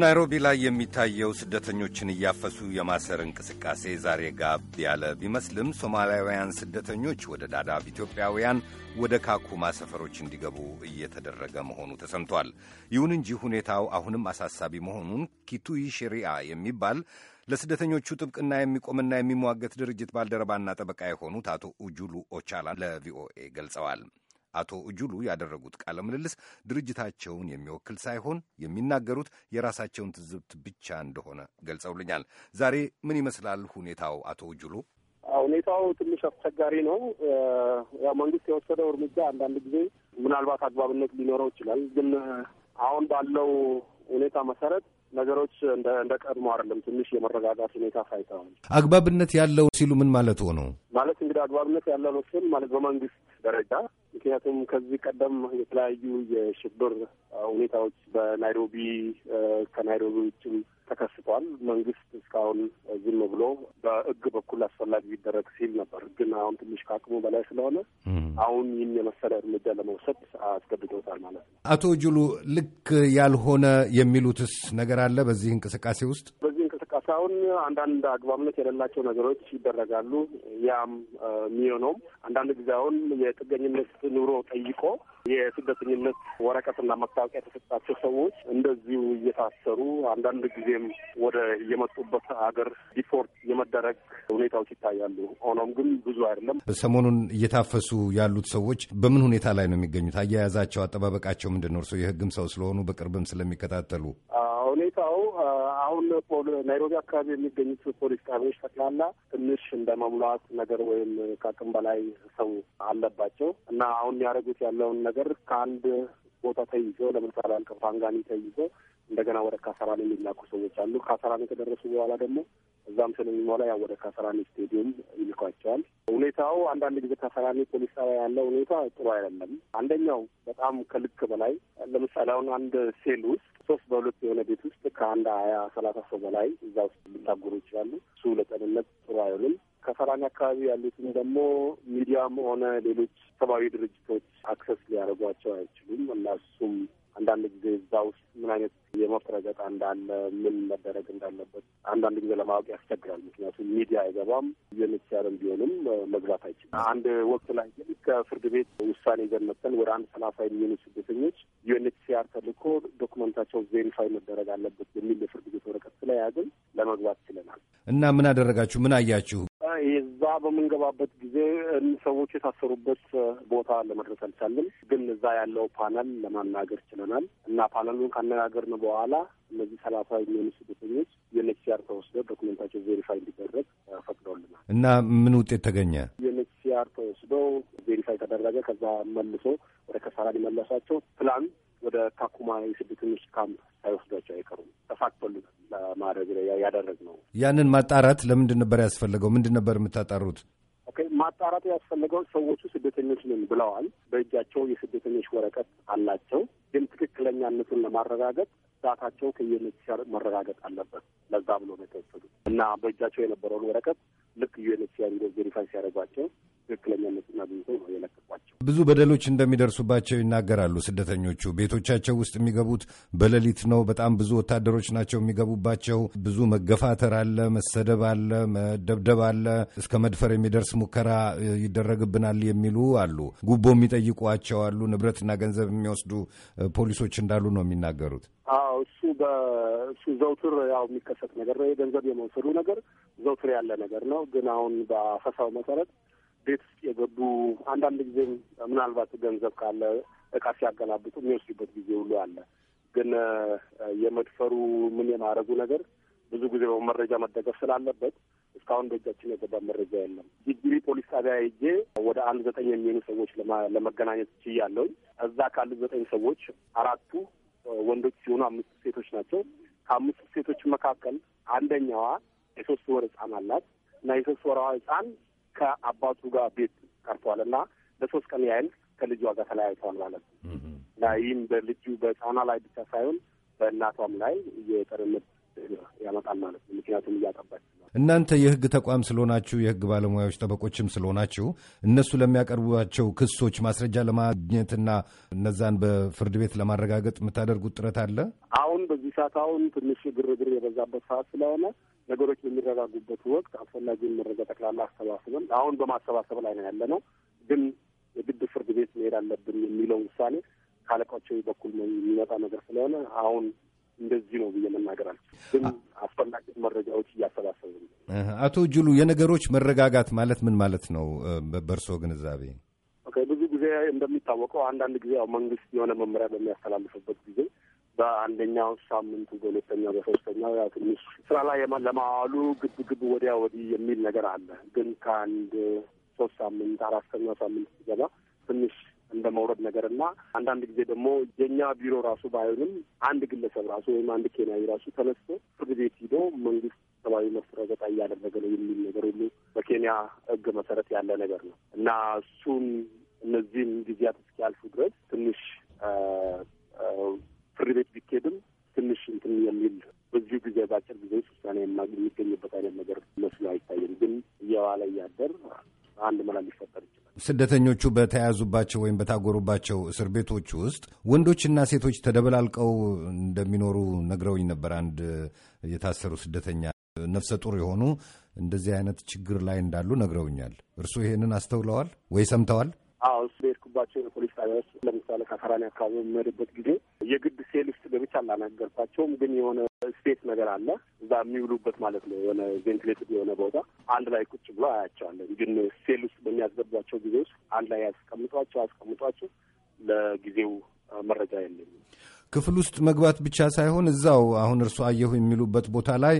ናይሮቢ ላይ የሚታየው ስደተኞችን እያፈሱ የማሰር እንቅስቃሴ ዛሬ ጋብ ያለ ቢመስልም ሶማሊያውያን ስደተኞች ወደ ዳዳብ፣ ኢትዮጵያውያን ወደ ካኩማ ሰፈሮች እንዲገቡ እየተደረገ መሆኑ ተሰምቷል። ይሁን እንጂ ሁኔታው አሁንም አሳሳቢ መሆኑን ኪቱይ ሽሪያ የሚባል ለስደተኞቹ ጥብቅና የሚቆምና የሚሟገት ድርጅት ባልደረባና ጠበቃ የሆኑት አቶ ኡጁሉ ኦቻላ ለቪኦኤ ገልጸዋል። አቶ እጁሉ ያደረጉት ቃለ ምልልስ ድርጅታቸውን የሚወክል ሳይሆን የሚናገሩት የራሳቸውን ትዝብት ብቻ እንደሆነ ገልጸውልኛል። ዛሬ ምን ይመስላል ሁኔታው አቶ እጁሉ? ሁኔታው ትንሽ አስቸጋሪ ነው። ያው መንግስት የወሰደው እርምጃ አንዳንድ ጊዜ ምናልባት አግባብነት ሊኖረው ይችላል። ግን አሁን ባለው ሁኔታ መሰረት ነገሮች እንደ ቀድሞ አይደለም። ትንሽ የመረጋጋት ሁኔታ ታይተዋል። አግባብነት ያለው ሲሉ ምን ማለት ሆነው? ማለት እንግዲህ አግባብነት ያለው ነው ስል ማለት በመንግስት ደረጃ ምክንያቱም ከዚህ ቀደም የተለያዩ የሽብር ሁኔታዎች በናይሮቢ ከናይሮቢ ውጭም ተከስቷል። መንግስት እስካሁን ዝም ብሎ በህግ በኩል አስፈላጊ ቢደረግ ሲል ነበር። ግን አሁን ትንሽ ከአቅሙ በላይ ስለሆነ አሁን ይህን የመሰለ እርምጃ ለመውሰድ አስገድዶታል ማለት ነው። አቶ ጁሉ ልክ ያልሆነ የሚሉትስ ነገር አለ በዚህ እንቅስቃሴ ውስጥ እስካሁን አንዳንድ አግባብነት የሌላቸው ነገሮች ይደረጋሉ። ያም የሚሆነውም አንዳንድ ጊዜ አሁን የጥገኝነት ኑሮ ጠይቆ የስደተኝነት ወረቀትና መታወቂያ የተሰጣቸው ሰዎች እንደዚሁ እየታሰሩ አንዳንድ ጊዜም ወደ የመጡበት ሀገር ዲፖርት የመደረግ ሁኔታዎች ይታያሉ። ሆኖም ግን ብዙ አይደለም። ሰሞኑን እየታፈሱ ያሉት ሰዎች በምን ሁኔታ ላይ ነው የሚገኙት? አያያዛቸው፣ አጠባበቃቸው ምንድን ነው? እርስዎ የህግም ሰው ስለሆኑ በቅርብም ስለሚከታተሉ አሁን ናይሮቢ አካባቢ የሚገኙት ፖሊስ ጣቢያዎች ጠቅላላ ትንሽ እንደ መሙላት ነገር ወይም ከአቅም በላይ ሰው አለባቸው እና አሁን ያደረጉት ያለውን ነገር ከአንድ ቦታ ተይዞ ለምሳሌ አንቀፋንጋኒ ተይዞ እንደገና ወደ ካሰራን የሚላኩ ሰዎች አሉ። ካሰራን ከደረሱ በኋላ ደግሞ እዛም ስለሚሞላ ያው ወደ ካሰራን ስቴዲየም አንዳንድ ጊዜ ተፈራሚ ፖሊስ ጣቢያ ያለው ሁኔታ ጥሩ አይደለም። አንደኛው በጣም ከልክ በላይ ለምሳሌ አሁን አንድ ሴል ውስጥ ሶስት በሁለት የሆነ ቤት ውስጥ ከአንድ ሀያ ሰላሳ ሰው በላይ እዛ ውስጥ ሊታጎሩ ይችላሉ። እሱ ለጤንነት ጥሩ አይሆንም። ከፈራሚ አካባቢ ያሉትም ደግሞ ሚዲያም ሆነ ሌሎች ሰብአዊ ድርጅቶች አክሰስ ሊያደርጓቸው አይችሉም እና እሱም አንዳንድ ጊዜ እዛ ውስጥ ምን አይነት የመብት ረገጣ እንዳለ ምን መደረግ እንዳለበት አንዳንድ ጊዜ ለማወቅ ያስቸግራል። ምክንያቱም ሚዲያ አይገባም። ዩኤንኤችሲአርም ቢሆንም አንድ ወቅት ላይ ግን ከፍርድ ቤት ውሳኔ ይዘን ወደ አንድ ሰላሳ የሚሆኑ ስደተኞች ዩኤንኤችሲአር ተልኮ ዶክመንታቸው ቬሪፋይ መደረግ አለበት የሚል የፍርድ ቤት ወረቀት ስለያዝን ለመግባት ችለናል። እና ምን አደረጋችሁ? ምን አያችሁ? የዛ በምንገባበት ጊዜ ሰዎች የታሰሩበት ቦታ ለመድረስ አልቻልም፣ ግን እዛ ያለው ፓነል ለማናገር ችለናል እና ፓናሉን ካነጋገርን በኋላ እነዚህ ሰላሳ የሚሆኑ ስደተኞች የኔክሲያር ተወስደው ዶክመንታቸው ቬሪፋይ እንዲደረግ ፈቅደውልናል እና ምን ውጤት ተገኘ? ፒሲአር ተወስዶ ቬሪፋይ ተደረገ። ከዛ መልሶ ወደ ከሳራ ሊመለሷቸው ፕላን ወደ ካኩማ የስደተኞች ካምፕ ሳይወስዷቸው አይቀሩም። ተሳክቶል ለማድረግ ያደረግ ነው። ያንን ማጣራት ለምንድን ነበር ያስፈለገው? ምንድን ነበር የምታጣሩት? ማጣራቱ ያስፈለገው ሰዎቹ ስደተኞች ነን ብለዋል። በእጃቸው የስደተኞች ወረቀት አላቸው፣ ግን ትክክለኛነቱን ለማረጋገጥ ዳታቸው ከዩኤንኤችሲአር መረጋገጥ አለበት። ለዛ ብሎ ነው የተወሰዱት እና በእጃቸው የነበረውን ወረቀት ልክ ዩኤንኤችሲአር ቬሪፋይ ሲያደርጓቸው ትክክለኛነት አግኝቶ ነው የለቀቋቸው። ብዙ በደሎች እንደሚደርሱባቸው ይናገራሉ ስደተኞቹ። ቤቶቻቸው ውስጥ የሚገቡት በሌሊት ነው። በጣም ብዙ ወታደሮች ናቸው የሚገቡባቸው። ብዙ መገፋተር አለ፣ መሰደብ አለ፣ መደብደብ አለ፣ እስከ መድፈር የሚደርስ ሙከራ ይደረግብናል የሚሉ አሉ። ጉቦ የሚጠይቋቸው አሉ። ንብረትና ገንዘብ የሚወስዱ ፖሊሶች እንዳሉ ነው የሚናገሩት። አዎ እሱ በእሱ ዘውትር ያው የሚከሰት ነገር ነው። የገንዘብ የመውሰዱ ነገር ዘውትር ያለ ነገር ነው። ግን አሁን በአፈሳው መሰረት ቤት ውስጥ የገቡ አንዳንድ ጊዜም ምናልባት ገንዘብ ካለ እቃ ሲያገላብጡ የሚወስዱበት ጊዜ ሁሉ አለ። ግን የመድፈሩ ምን የማድረጉ ነገር ብዙ ጊዜ በመረጃ መደገፍ ስላለበት እስካሁን በእጃችን የገባ መረጃ የለም። ጅጅቢ ፖሊስ ጣቢያ ሄጄ ወደ አንድ ዘጠኝ የሚሆኑ ሰዎች ለመገናኘት ችያለሁኝ። እዛ ካሉ ዘጠኝ ሰዎች አራቱ ወንዶች ሲሆኑ አምስት ሴቶች ናቸው። ከአምስት ሴቶች መካከል አንደኛዋ የሶስት ወር ህጻን አላት እና የሶስት ወርዋ ህጻን ከአባቱ ጋር ቤት ቀርቷል እና ለሶስት ቀን ያህል ከልጇ ጋር ተለያይተዋል ማለት ነው እና ይህም በልጁ በሕፃኗ ላይ ብቻ ሳይሆን በእናቷም ላይ የጠርነት ያመጣል ማለት ነው። ምክንያቱም እያጠባች እናንተ የህግ ተቋም ስለሆናችሁ የህግ ባለሙያዎች ጠበቆችም ስለሆናችሁ እነሱ ለሚያቀርቧቸው ክሶች ማስረጃ ለማግኘትና እነዛን በፍርድ ቤት ለማረጋገጥ የምታደርጉት ጥረት አለ? አሁን በዚህ ሰዓት አሁን ትንሽ ግርግር የበዛበት ሰዓት ስለሆነ ነገሮች በሚረጋጉበት ወቅት አስፈላጊውን መረጃ ጠቅላላ አሰባስበን አሁን በማሰባሰብ ላይ ነው ያለ ነው። ግን የግድ ፍርድ ቤት መሄድ አለብን የሚለው ውሳኔ ካለቃቸው በኩል የሚመጣ ነገር ስለሆነ አሁን እንደዚህ ነው ብዬ መናገር አለ። ግን አስፈላጊ መረጃዎች እያሰባሰቡ አቶ ጅሉ የነገሮች መረጋጋት ማለት ምን ማለት ነው በእርስዎ ግንዛቤ? ብዙ ጊዜ እንደሚታወቀው አንዳንድ ጊዜ ያው መንግስት የሆነ መመሪያ በሚያስተላልፍበት ጊዜ በአንደኛው ሳምንቱ በሁለተኛው በሶስተኛው ያው ትንሽ ስራ ላይ ለማዋሉ ግብ ግብ ወዲያ ወዲህ የሚል ነገር አለ። ግን ከአንድ ሶስት ሳምንት አራተኛው ሳምንት ሲገባ ትንሽ እንደ መውረድ ነገር እና አንዳንድ ጊዜ ደግሞ የኛ ቢሮ ራሱ ባይሆንም አንድ ግለሰብ ራሱ ወይም አንድ ኬንያዊ ራሱ ተነስቶ ፍርድ ቤት ሂዶ መንግስት ሰብአዊ መብት ረገጣ እያደረገ ነው የሚል ነገር ሁሉ በኬንያ ህግ መሰረት ያለ ነገር ነው እና እሱን እነዚህም ጊዜያት እስኪያልፉ ድረስ ትንሽ ፍርድ ቤት ቢኬድም ትንሽ እንትን የሚል በዚሁ ጊዜ በአጭር ጊዜ ውስጥ ውሳኔ የሚገኝበት አይነት ነገር መስሎ አይታይም። ግን እየዋለ እያደር አንድ መላ ሊፈጠር ስደተኞቹ በተያያዙባቸው ወይም በታጎሩባቸው እስር ቤቶች ውስጥ ወንዶችና ሴቶች ተደበላልቀው እንደሚኖሩ ነግረውኝ ነበር። አንድ የታሰሩ ስደተኛ ነፍሰ ጡር የሆኑ እንደዚህ አይነት ችግር ላይ እንዳሉ ነግረውኛል። እርስዎ ይሄንን አስተውለዋል ወይ ሰምተዋል? አዎ፣ እሱ በሄድኩባቸው የፖሊስ ጣቢያዎች ለምሳሌ ካፈራኒ አካባቢ በመሄድበት ጊዜ የግድ ሴል ውስጥ ገብቼ አላናገርኳቸውም፣ ግን የሆነ ስፔስ ነገር አለ እዛ የሚውሉበት ማለት ነው። የሆነ ቬንቲሌትድ የሆነ ቦታ አንድ ላይ ቁጭ ብሎ አያቸዋለን። ግን ሴል ውስጥ በሚያስገቧቸው ጊዜ ውስጥ አንድ ላይ ያስቀምጧቸው አስቀምጧቸው ለጊዜው መረጃ የለኝም። ክፍል ውስጥ መግባት ብቻ ሳይሆን እዛው አሁን እርሱ አየሁ የሚሉበት ቦታ ላይ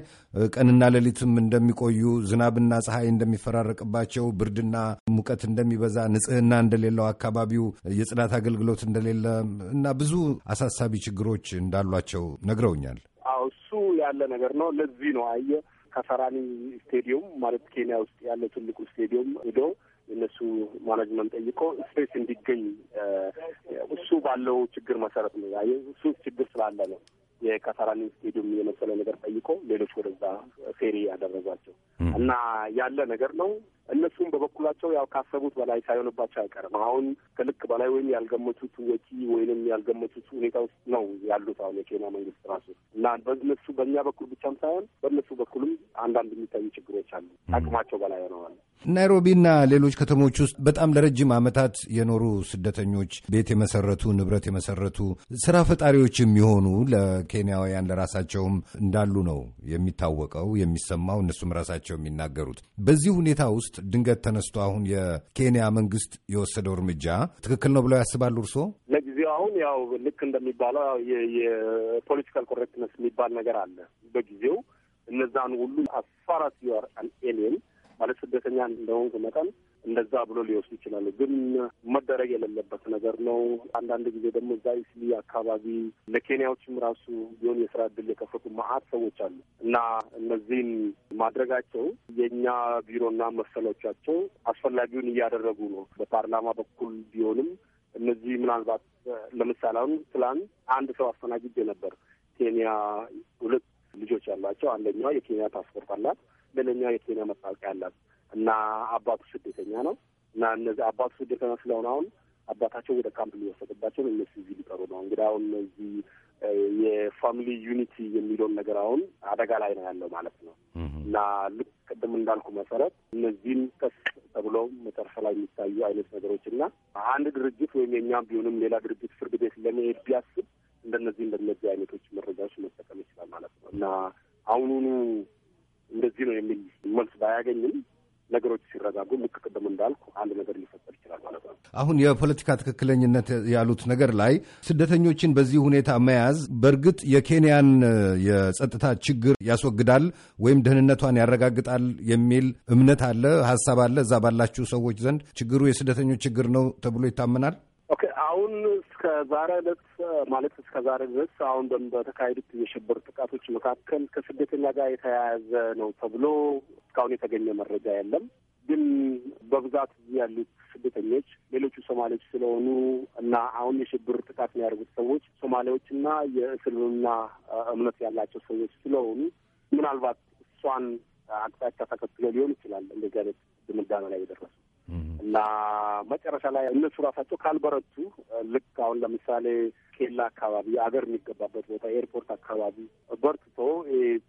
ቀንና ሌሊትም እንደሚቆዩ፣ ዝናብና ፀሐይ እንደሚፈራረቅባቸው፣ ብርድና ሙቀት እንደሚበዛ፣ ንጽህና እንደሌለው አካባቢው የጽዳት አገልግሎት እንደሌለ እና ብዙ አሳሳቢ ችግሮች እንዳሏቸው ነግረውኛል። እሱ ያለ ነገር ነው። ለዚህ ነው አየ ከፈራኒ ስቴዲየም ማለት ኬንያ ውስጥ ያለ ትልቁ ስቴዲየም ሄዶ እነሱ ማናጅመንት ጠይቆ ስፔስ እንዲገኝ ባለው ችግር መሰረት ነው ያ እሱ ችግር ስላለ ነው የካታላኒ ስቴዲየም የመሰለ ነገር ጠይቆ ሌሎች ወደዛ ፌሪ ያደረጓቸው እና ያለ ነገር ነው። እነሱም በበኩላቸው ያው ካሰቡት በላይ ሳይሆንባቸው አይቀርም። አሁን ከልክ በላይ ወይም ያልገመቱት ወጪ ወይንም ያልገመቱት ሁኔታ ውስጥ ነው ያሉት አሁን የኬንያ መንግስት ራሱ እና በእነሱ በእኛ በኩል ብቻም ሳይሆን በእነሱ በኩልም አንዳንድ የሚታዩ ችግሮች አሉ። አቅማቸው በላይ ሆነዋል። ናይሮቢና ሌሎች ከተሞች ውስጥ በጣም ለረጅም ዓመታት የኖሩ ስደተኞች ቤት የመሰረቱ ንብረት የመሰረቱ ስራ ፈጣሪዎች የሚሆኑ ለኬንያውያን ለራሳቸውም እንዳሉ ነው የሚታወቀው የሚሰማው፣ እነሱም ራሳቸው የሚናገሩት። በዚህ ሁኔታ ውስጥ ድንገት ተነስቶ አሁን የኬንያ መንግስት የወሰደው እርምጃ ትክክል ነው ብለው ያስባሉ እርስዎ? ለጊዜው አሁን ያው ልክ እንደሚባለው የፖለቲካል ኮሬክትነስ የሚባል ነገር አለ በጊዜው እነዛን ሁሉ አስፋራት ዩአር አን ኤሊየን ማለት ስደተኛ እንደሆንክ መጠን እንደዛ ብሎ ሊወስዱ ይችላሉ። ግን መደረግ የሌለበት ነገር ነው። አንዳንድ ጊዜ ደግሞ እዛ ኢስሊ አካባቢ ለኬንያዎችም ራሱ ቢሆን የስራ እድል የከፈቱ መሀት ሰዎች አሉ እና እነዚህን ማድረጋቸው የእኛ ቢሮና መሰሎቻቸው አስፈላጊውን እያደረጉ ነው። በፓርላማ በኩል ቢሆንም እነዚህ ምናልባት ለምሳሌ አሁን ትላንት አንድ ሰው አስተናግጄ ነበር ኬንያ ሁለት ልጆች ያሏቸው አንደኛዋ የኬንያ ፓስፖርት አላት፣ ሌላኛዋ የኬንያ መታወቂያ አላት እና አባቱ ስደተኛ ነው እና እነዚህ አባቱ ስደተኛ ስለሆነ አሁን አባታቸው ወደ ካምፕ ሊወሰድባቸው እነሱ እዚህ ሊቀሩ ነው። እንግዲህ አሁን እዚህ የፋሚሊ ዩኒቲ የሚለውን ነገር አሁን አደጋ ላይ ነው ያለው ማለት ነው እና ልክ ቅድም እንዳልኩ መሰረት እነዚህም ቀስ ተብለው መጨረሻ ላይ የሚታዩ አይነት ነገሮች እና አንድ ድርጅት ወይም የኛም ቢሆንም ሌላ ድርጅት ፍርድ ቤት ለመሄድ ቢያስብ እንደነዚህ እንደነዚህ አይነቶች መረጃዎች መጠቀም አሁኑኑ እንደዚህ ነው የሚል መልስ ባያገኝም ነገሮች ሲረጋጉ ልክ ቅድም እንዳልኩ አንድ ነገር ሊፈጠር ይችላል ማለት ነው። አሁን የፖለቲካ ትክክለኝነት ያሉት ነገር ላይ ስደተኞችን በዚህ ሁኔታ መያዝ በእርግጥ የኬንያን የጸጥታ ችግር ያስወግዳል ወይም ደህንነቷን ያረጋግጣል የሚል እምነት አለ፣ ሀሳብ አለ እዛ ባላችሁ ሰዎች ዘንድ። ችግሩ የስደተኞች ችግር ነው ተብሎ ይታመናል። አሁን እስከ ዛሬ ዕለት ማለት እስከ ዛሬ ድረስ አሁን በተካሄዱት የሽብር ጥቃቶች መካከል ከስደተኛ ጋር የተያያዘ ነው ተብሎ እስካሁን የተገኘ መረጃ የለም። ግን በብዛት ያሉት ስደተኞች ሌሎቹ ሶማሌዎች ስለሆኑ እና አሁን የሽብር ጥቃት የሚያደርጉት ሰዎች ሶማሌዎችና የእስልምና እምነት ያላቸው ሰዎች ስለሆኑ ምናልባት እሷን አቅጣጫ ተከትሎ ሊሆን ይችላል እንደዚህ አይነት ድምዳሜ ላይ የደረሱ እና መጨረሻ ላይ እነሱ ራሳቸው ካልበረቱ ልክ አሁን ለምሳሌ ኬላ አካባቢ አገር የሚገባበት ቦታ ኤርፖርት አካባቢ በርትቶ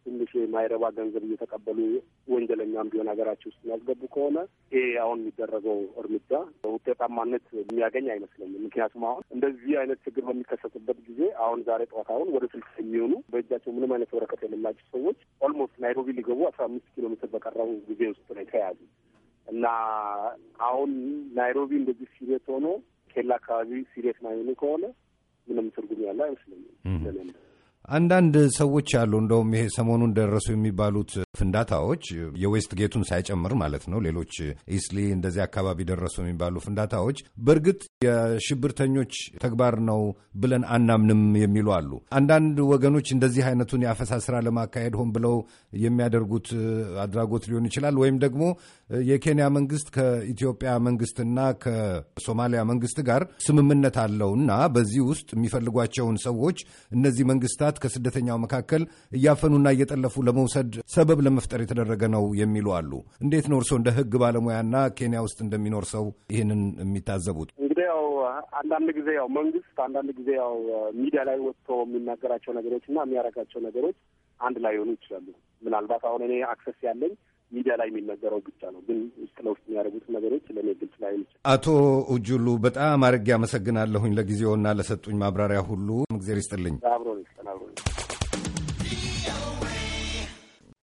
ትንሽ የማይረባ ገንዘብ እየተቀበሉ ወንጀለኛም ቢሆን ሀገራቸው ውስጥ የሚያስገቡ ከሆነ ይሄ አሁን የሚደረገው እርምጃ ውጤታማነት የሚያገኝ አይመስለኝም። ምክንያቱም አሁን እንደዚህ አይነት ችግር በሚከሰትበት ጊዜ አሁን ዛሬ ጠዋት አሁን ወደ ስልሳ የሚሆኑ በእጃቸው ምንም አይነት ወረቀት የሌላቸው ሰዎች ኦልሞስት ናይሮቢ ሊገቡ አስራ አምስት ኪሎ ሜትር በቀረቡ ጊዜ ውስጥ ነው የተያዙ። እና አሁን ናይሮቢ እንደዚህ ሲሪየስ ሆኖ ኬላ አካባቢ ሲሪየስ ማይሆኑ ከሆነ ምንም ትርጉም ያለ አይመስለኝም። አንዳንድ ሰዎች አሉ እንደውም ይሄ ሰሞኑን ደረሱ የሚባሉት ፍንዳታዎች የዌስት ጌቱን ሳይጨምር ማለት ነው። ሌሎች ኢስሊ እንደዚህ አካባቢ ደረሱ የሚባሉ ፍንዳታዎች በእርግጥ የሽብርተኞች ተግባር ነው ብለን አናምንም የሚሉ አሉ። አንዳንድ ወገኖች እንደዚህ አይነቱን የአፈሳ ስራ ለማካሄድ ሆን ብለው የሚያደርጉት አድራጎት ሊሆን ይችላል። ወይም ደግሞ የኬንያ መንግስት ከኢትዮጵያ መንግስትና ከሶማሊያ መንግስት ጋር ስምምነት አለው እና በዚህ ውስጥ የሚፈልጓቸውን ሰዎች እነዚህ መንግስታት ከስደተኛው መካከል እያፈኑና እየጠለፉ ለመውሰድ ሰበብ ለመፍጠር የተደረገ ነው የሚሉ አሉ። እንዴት ነው እርስዎ እንደ ሕግ ባለሙያና ኬንያ ውስጥ እንደሚኖር ሰው ይህንን የሚታዘቡት? እንግዲህ ያው አንዳንድ ጊዜ ያው መንግስት አንዳንድ ጊዜ ያው ሚዲያ ላይ ወጥቶ የሚናገራቸው ነገሮች እና የሚያደርጋቸው ነገሮች አንድ ላይ ሆኑ ይችላሉ። ምናልባት አሁን እኔ አክሰስ ያለኝ ሚዲያ ላይ የሚነገረው ብቻ ነው። ግን ውስጥ ለውስጥ የሚያደርጉት ነገሮች ለእኔ ግልጽ ላይ አቶ እጁሉ በጣም አድርጌ አመሰግናለሁኝ ለጊዜውና ለሰጡኝ ማብራሪያ ሁሉ እግዜር ይስጥልኝ። አብሮ Maroon.